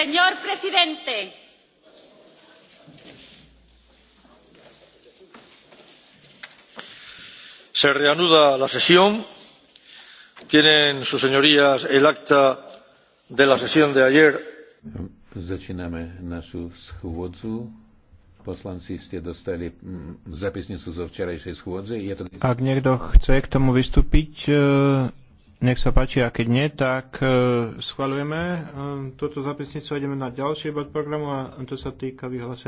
Señor presidente. Se reanuda la sesión. Tienen sus señorías el acta de la sesión de ayer. Začíname našu schôdzu. Poslanci ste dostali mm, zapisnicu zo včerajšej schôdze. Je to... Ak niekto chce k tomu vystúpiť, e, nech sa páči, a keď nie, tak e, schvaľujeme e, túto zápisnicu, a ideme na ďalší bod programu a to sa týka vyhlásenia.